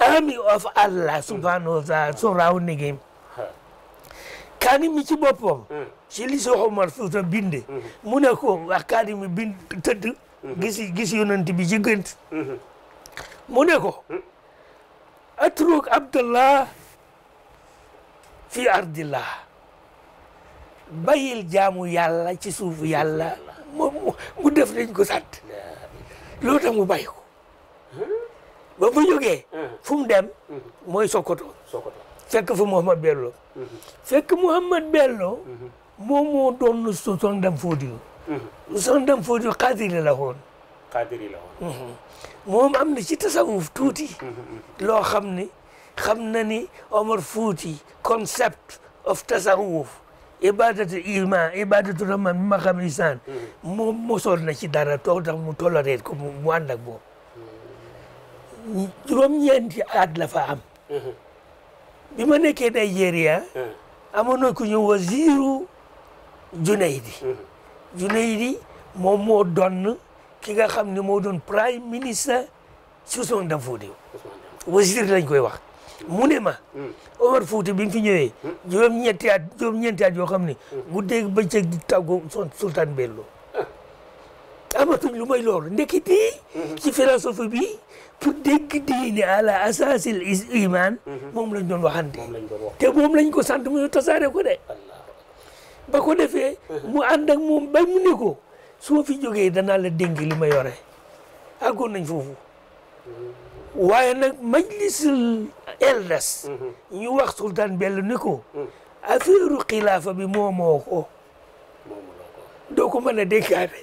army of Allah subhanahu wa taala surrounding him Hmm. Hmm. mi ci bopom ci li Cheikh Omar Fouta binde ko academy bind teud hmm. gisi gisi yonent bi ci geunt mu ko atruk abdallah fi ardillah bayil jamu yalla, ci yalla, muda mu def nañ ko sat loolu tax mu bàyyi ko ba bu joge fum dem moy Sokoto fekk fu mohammed Bello fekk Mouhamed Bello mhm. moom moo doon Soxna Dame Fodiyo mhm. Soxna Dame Fodiyo xaadiri la woon la woon mhm. moom am na ci tasawuf tuuti loo xam ni xam na ni Omar Fouti concept of tasawuf ibadatu iman ibadatu rahman bi ma moom mosoon na ci dara toog tax mu toléré ko mu ànd ak bi ma nekkee Nigeria. amoon na ku ñu waziru Junaidi. Junaidi moom moo doon ki nga xam ne moo doon prime ministre Ousmane Dan Fodio. wazir lañ koy wax. mu ne ma. Omar Fouti bi mu fi ñëwee. juróom-ñetti at juróom-ñeenti at yoo xam ne. guddeeg bëccëg di tàggoo son sultan Bello. amatuñ lu may loolu ndeketee. ci philosophie bi. pour dégg diine ala asaasil iman mhm. moom lañ doon waxante te moom lañ ko sant mu tasaare ko de ba ko defee mhm. mu ànd ak moom ba mu ne ko soo fi jogee danaa la dénk li ma yore àggoon nañ foofu mhm. waaye nag majlisul eldas ñu wax sultaan Bello ne ko affaire xilaafa bi moomoo ko doo ko mën a dénkaane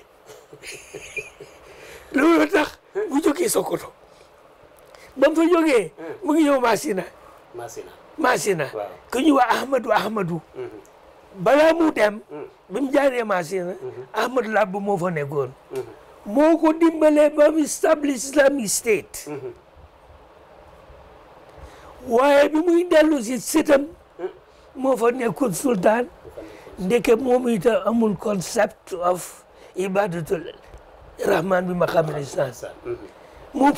loolu tax bu jógee Sokoto joge mu ngi ñew masina, masina, masina ku ñu wa ahmadu Ahmadou hmm. balaa mu dem hmm. bu ñu jare masina hmm. ahmad Lab mo fa neggon moko ko ba mu establish Islamic State waye bi muy delu ci sitam mo fa nekkoon sultan ndeke moom ta amul concept of ibadatul rahman bi maqam al-islam mo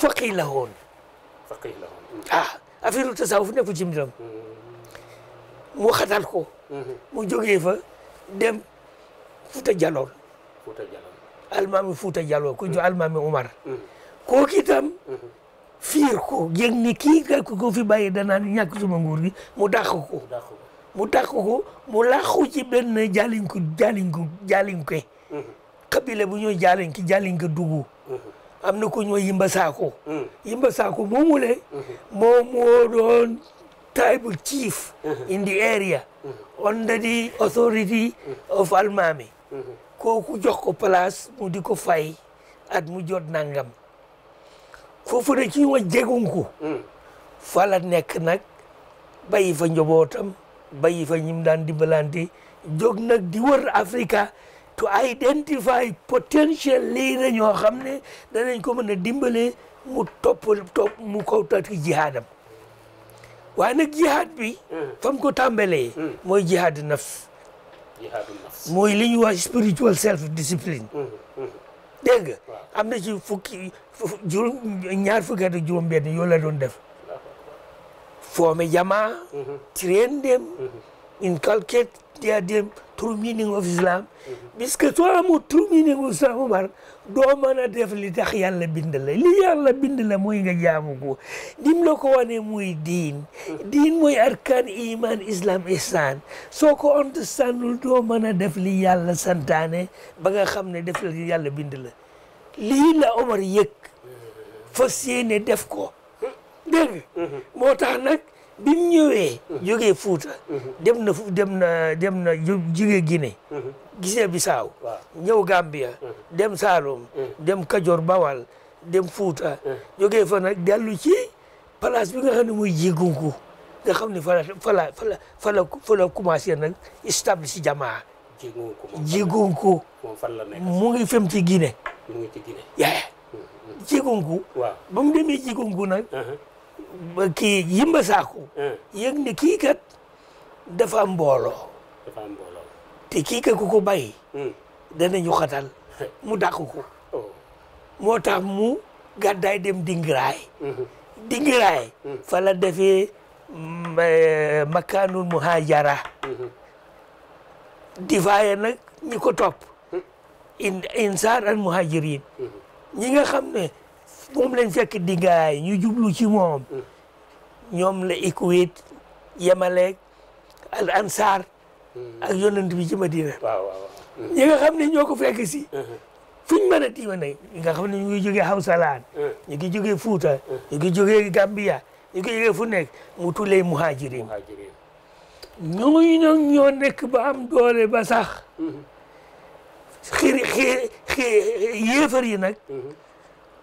faqih la woon ah affaire tasawuf nekku ci mbiram mu xatal ko mm-hmm. mu jógee fa dem Fuuta Jaloor almaami Fuuta Jaloor ku jo almaami Umar mm-hmm. kooku itam mm-hmm. fiir ko yëg ni kii ko fi bàyyi danaan ñàkk suma nguur gi mu dàq ko mu dàq ko mu làqu ci benn jaalinku jaalinku jaalinke xabile bu ñuy am na ku ñoo Yimba Saako. Hmm. Yimba Saako moomule. Hmm. moom moo doon tribal chief. Hmm. in the area. under the authority of Almami. kooku jox ko place mu di ko fay at mu jot nangam. foofu de ci wax jegunku. fa nekk nag bàyyi fa njobootam bàyyi fa ñim daan dimbalante jóg nag di wër to identify potential na ñoo xam ne danañ ko mën a dimbale mu topp topp mu ko tati jihaadam waaye nag jihaad bi hmm. fam ko tàmbalee hmm. mooy jihaadu nafs mooy li ñuy wa spiritual self discipline hmm, dégg am na ci fukki juróom ñaar fukki at ak juróom benn yoo la doon def former jamaa train them inculcate their true meaning of Islam. puisque soo amul true meaning of Islam Omar doo mën a def li tax yàlla bind la li yàlla bind la mooy nga jaamu ko nim la ko wane muy diin. diin mooy arkaan iman islam ihsan soo ko understandul doo mën a def li yàlla santaane ba nga xam ne def li yàlla bind la lii la Omar yëg fas def ko dégg mm-hmm. moo tax nag. bi mu ñëwee. jógee Fuuta. Mhm. dem na dem na dem na jógee Guinée. Mhm. gisee Bissau. ñëw Gambia. Mhm. dem Saloum. dem Kajoor Bawal dem Fuuta. jógee fa nag dellu ci place bi nga xam ne mooy Jigunku nga xam ne fala fala fala fala fala commencé nag stable si jamaa. Jigunku Jigunku. fan la nekk mu ngi fem ci Guinée. mu ngi ci Guinée. Jigunku. waaw ba mu demee Jigunku nag. Uh-huh. kii yimba saako. yëg ne kii dafa am mbooloo. dafa te kii ku ko bàyyi. Hmm. danañu xatal mu dàq ko. Oh. moo tax mu gàddaay dem dingiraay. Hmm. dingiraay. Hmm. fala la defee mm, eh, makkaanul muhajara. difaaya nag ñi ko topp. in insaar mu muhajirin ñi nga xam ne. moom lañ fekk di yi ñu jublu ci moom ñoom la Ikuwait Yamaleeg al Ansar ak yonent bi ci Madina ñi nga xam ne ñoo ko fekk si fuñ mën a tiima ñi nga xam ne ñu ngi jógee Hawsalaan ñu ngi jógee Fuuta ñu ngi jógee Gambia ñu ngi jógee fu nekk mu tulee muhajirin ñooñu nag ñoo nekk ba am doole ba sax xiri xiri yéefar yi nag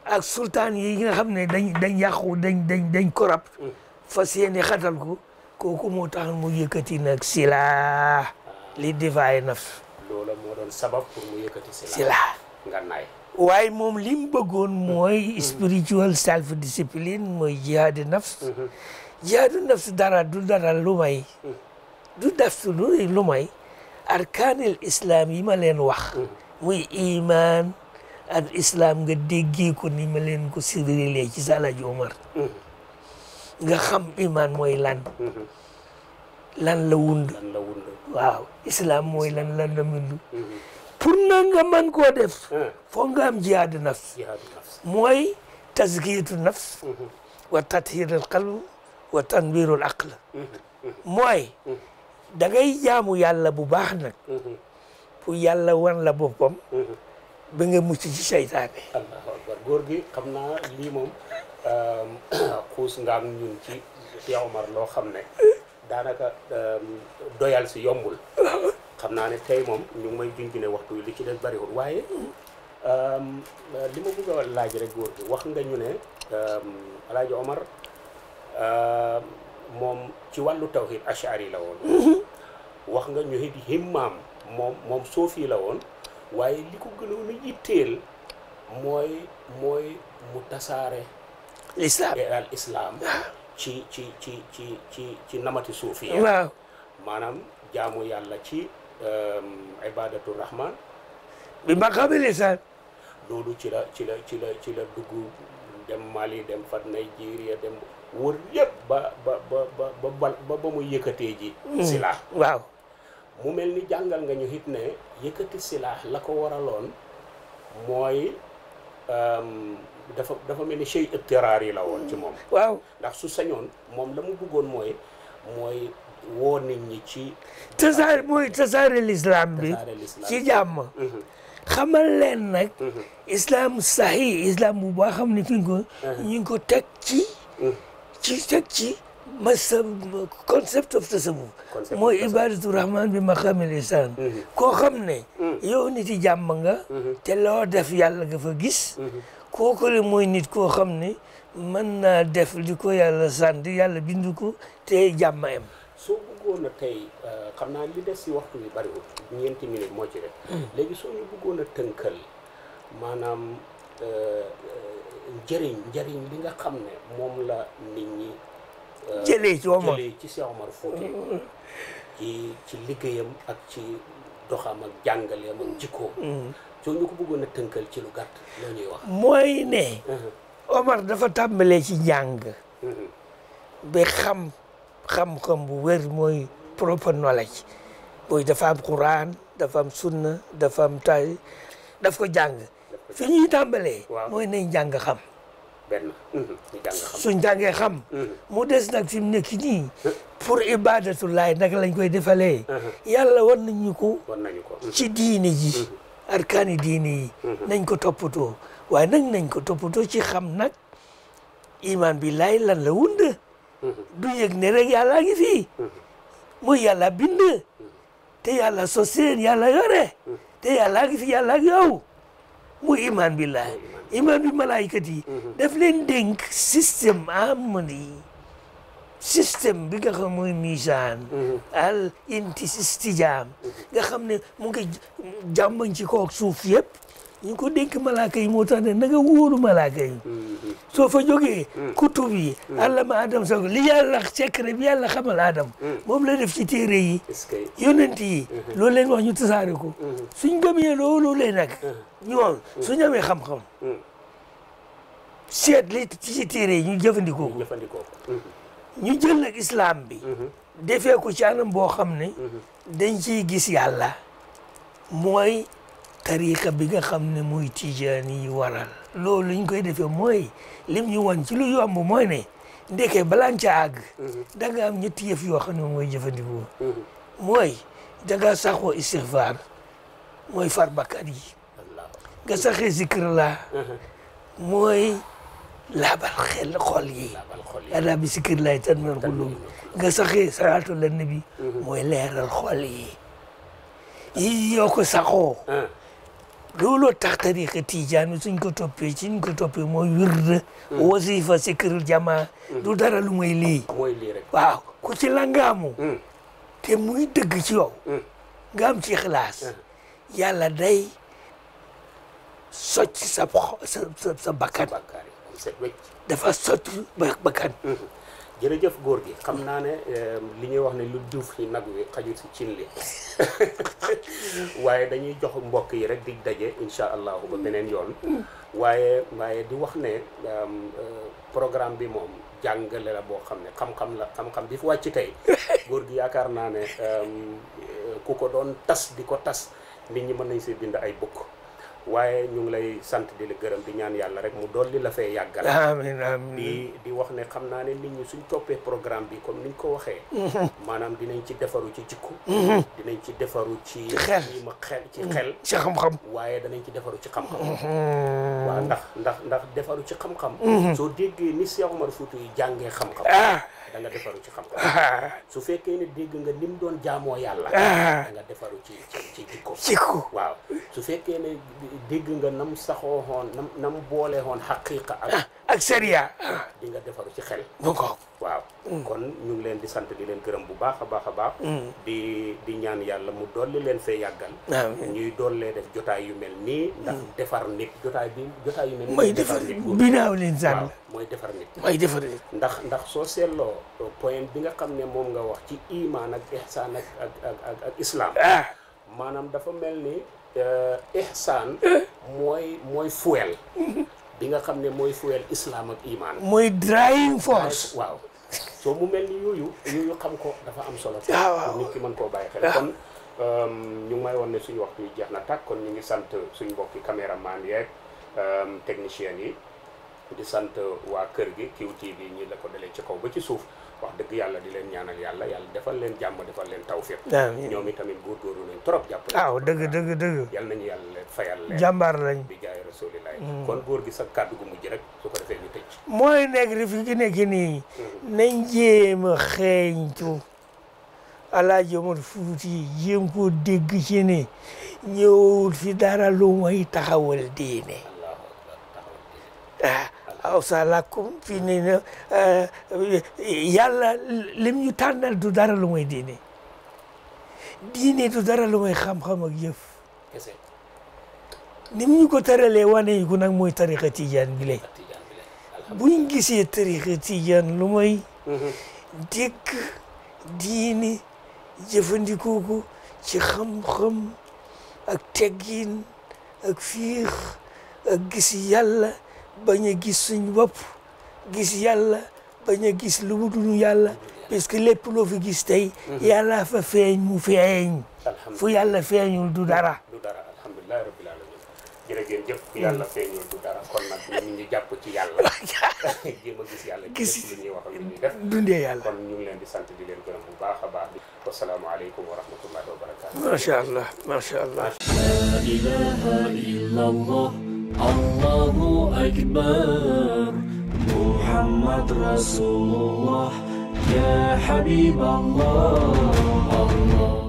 ak sultaan yi nga xam ne dañ dañ yàqu dañ dañ dañ corrupt mm. fas yéene ko kooku moo tax mu yëkkati nag sila li divaay naf loola moo doon sabab moom li mu bëggoon mm. mooy mm. spiritual self discipline mooy jihaadi nafs mm-hmm. jihaadu nafs dara du dara lu du def lu lu may arkaanil islam yi ma leen wax muy iman ak islam nga déggee ko ni ma leen ko sirilee ci Omar mm-hmm. nga xam iman mooy lan mm-hmm. lan la wund islam mooy lan lan la wund mm-hmm. pour na nga mën koo def mm. foog nga am jihaadu nafs mooy tazkiyatu nafs wa tathir al qalb wa tanwir al aql mooy da ngay jaamu yàlla bu baax nag pour yàlla wan la boppam ba nga mucc ci seytaane. allahu akbar góor gi xam naa lii moom euh, xuus nga am ñun ci Cheikh Omar loo xam ne daanaka euh, doyal si yombul. xam naa ne tey moom ñu ngi may junj ne waxtu wi li ci des bariwul waaye euh, li ma bëgg a laaj rek góor gi wax nga ñu ne El Hadj Omar moom ci wàllu tawhid ashari la woon. Mm-hmm. wax nga ñu it himmaam moom moom soofi la woon. waaye li ko gënoon a yitteel mooy mooy mu tasaare islam al islam ci ci ci ci ci ci namati suufi waaw maanaam jaamu yàlla ci ibadatu rahman bi maqaami lisaan loolu ci la ci la ci la ci la dugg dem Mali dem fat Nigeria dem wër yëpp ba ba ba ba ba ba ji hmm. waaw mu mel ni jàngal nga ñu it ne yëkkati silaax la ko waraloon mooy euh, dafa dafa mel ni chey ëttiraar yi la woon ci moom mm, waaw ndax su sañoon moom la mu bëggoon mooy mooy woo nit ñi ci tasaare mooy tasaare l'islam bi ci jàmm mm-hmm. xamal leen nag mm-hmm. islam sahi islam bu baax xam ne fi ñu ko mm-hmm. ñu ngi ko teg ci ci teg ci masa concept of tasawuf mooy ibadatu rahman bi ma maqamil insan mhm. koo xam ne mhm. yow nit jàmm nga mhm. te loo def yàlla nga fa gis kooku le mooy nit koo xam ne mën naa def li ko yàlla sant yàlla bindu ko te jàmm am soo bëggoon a tey euh, xam naa li des si waxtu bi bariwul ñeenti minute moo ci def mm. léegi soo ñu bëggoon a tënkal maanaam euh, euh, njëriñ njëriñ li nga xam ne moom la nit ñi jëlee ci Omar jëlee ci Cheikh ci ci ak ci doxam ak jàngaleem ci lu mooy ne uh-huh. Omar dafa tàmbalee ci njàng uh-huh. ba xam xam bu wer mooy propre knowledge mooy dafa am Quran dafa am sunna dafa tay daf ko jàng fi ñuy tàmbalee mooy ne jàng xam benn mhm. suñ jàngee xam mhm. mu des nag fi mu nekk nii pour ibadatullah nag lañ koy defalee mhm. yàlla war ñu ko ci diini ji arkaani diini yi nañ ko toppatoo waaye nag nañ ko toppatoo ci xam nag iman bi laay lan la wund du yëg ne rek yàlla ngi fii mooy yàlla bind te yàlla soseen yàlla yore te yàlla ngi fi yàlla ngi yow mu iman bi imaam yi malaaykat yi mhm. daf leen dénk système harmonie système bi nga xam mooy mhm. al intis istijaam mhm. nga xam ne mu ngi jàmbañ ci kook suuf yëpp ñu ko dénk malaaka yi moo tax ne na nga wóoru malaaka yi mm-hmm. soo fa jógee kutub yi ma adam soo li yàlla secret bi yàlla xamal adam mm-hmm. la def ci téere yi yonent yi mm-hmm. loolu leen wax ñu tasaare ko suñ gëmee loolu leen nag ñoom suñ amee xam-xam seet li ci téere yi ñu jëfandikoo ko ñu jël nag bi defee ko ci anam boo xam ne dañ ciy gis yàlla mooy tariqa bi nga xam ne muy tijaani yi waral loolu ñu koy defee mooy lim ñu wan ci lu yomb mooy ne ndeke balaa nga ca àgg mhm. da nga am ñetti yëf yoo xam ne mhm. mooy jëfandikoo mooy da nga saxoo istighfar mooy far bakkaat yi nga saxee zikrullah mhm. mooy laabal xel yi alaa bi zikrillahi tatmainnul quluub nga saxee salaatu lan yi yi yoo looloo tax tariqa tijaani suñ ko toppee suñ ko toppee mooy wirde hmm. wasifa sikkirul jamaa hmm. du dara lu mooy lii ah, mooy waaw ku ci langaamu hmm. te muy dëgg ci yow nga am ci xalaas yàlla day socc sa sa sa bakkan dafa socc bakkan jërëjëf góor gi xam naa ne euh, li ñuy wax ne lu duuf ci nag wi xajul ci cin li waaye dañuy jox mbokk yi rek di daje incha allahu ba beneen yoon waaye waaye di wax ne euh, programme bi moom jàngale la boo xam ne xam-xam la xam-xam bi fi wàcc tey góor gi yaakaar naa ne euh, ku ko doon tas di ko tas nit ñi mën nañ si bind ay bukk waaye ñu ngi lay sant di la gërëm di ñaan yàlla rek mu dolli la fee yàggal amiin amiin di di wax ne xam naa ne ni ñi suñ toppee programme bi comme niñ ko waxee maanaam dinañ ci defaru ci jikko mm-hmm. dinañ ci defaru ci xel ma xel ci mm-hmm. xel ci xam-xam waaye danañ ci defaru ci xam-xam mm-hmm. waaw ndax ndax ndax ci xam-xam soo déggee ni Cheikh Omar Fouti jàngee xam-xam ah. da nga defaru ci xam-xam su fekkee ne dégg nga ni mu doon jaamoo yàlla ah. da nga defaru ci ci jikko jikko waaw su fekkee ne dégg nga nam saxoo xoon nam nam boole xoon xaqiqa ak ah. ak seria di nga defaru ci xel. mu ko waaw. Mm. kon ñu ngi leen di sant di leen gërëm bu baaxa baaxa baax mm. di di ñaan yàlla mu dolli leen fee yàggal. ñuy dolle def jotaay yu mel nii. Mm. ndax defar nit jotaay bi jotaay yu mel nii. mooy defar nit binaaw leen sànni. mooy defar nit. mooy defar nit. ndax ndax soo seetloo euh, point bi nga xam ne moom nga wax ci iman ak ihsan ak ak ak ak islam. Ah. maanaam dafa mel ni euh, ihsan eh. mooy mooy fuel. bi nga xam ne mooy fuel islaam ak iman. mooy driving force waaw. so mu mel ni yooyu yooyu xam ko dafa am solo. Ah, waaw nit ki mën koo bàyyi xel ah. kon. Um, ñu ngi may woon ne suñu waxtu yi jeex na takk kon ñu ngi sant suñu mbokki caméraman yeeg um, technicien yi di sant waa kër gi QTV ñi la ko dalee ci kaw ba ci suuf. wax dëgg yàlla di leen ñaan yàlla yàlla defal leen jàmm defal leen tawfiq ñoom itamit góorgóorlu nañ trop jàpp waaw dëgg dëgg dëgg yal nañu yàlla fayal leen jàmbaar lañ bi jaay rasulilah mm. kon góor gi sa kàddu gu mujj rek su mooy nekk rifi ki nekk nii mm. nañ jéem a xeeñtu alaaji Omar Fuuti jéem koo dégg ci ne ñëwul fi dara lu may taxawal diine aw salakum fii nii na eh, yàlla lim ñu tànnal du dara lu muy diine diine du dara lu muy xam ak yëf ni mu ko tëralee wane yi ko nag mooy tariqa tijaan bi lay buñ gisee tariqa tijaan lu mooy mm-hmm. dégg diine jëfandikoo ko ci xam-xam ak teggin ak fiix ak gisi yàlla bañ a gis suñu bopp gis yàlla bañ a gis lu mu dul yàlla parce que lépp loo fi gis tey mhm. yàlla fa feeñ mu feeñ fu yàlla feeñul du dara du dara alhamdulilah rabbil alamin jërëjëf jëf ku yàlla mm. feeñul du dara kon nag ñu ngi jàpp ci yàlla jéem a gis yàlla gis li ñuy wax ak li ñuy def dundee yàlla kon ñu ngi leen di sant di leen gërëm bu baax a baax wasalaamaaleykum wa rahmatullahi wa barakatu macha allah macha allah الله أكبر محمد رسول الله يا حبيب الله الله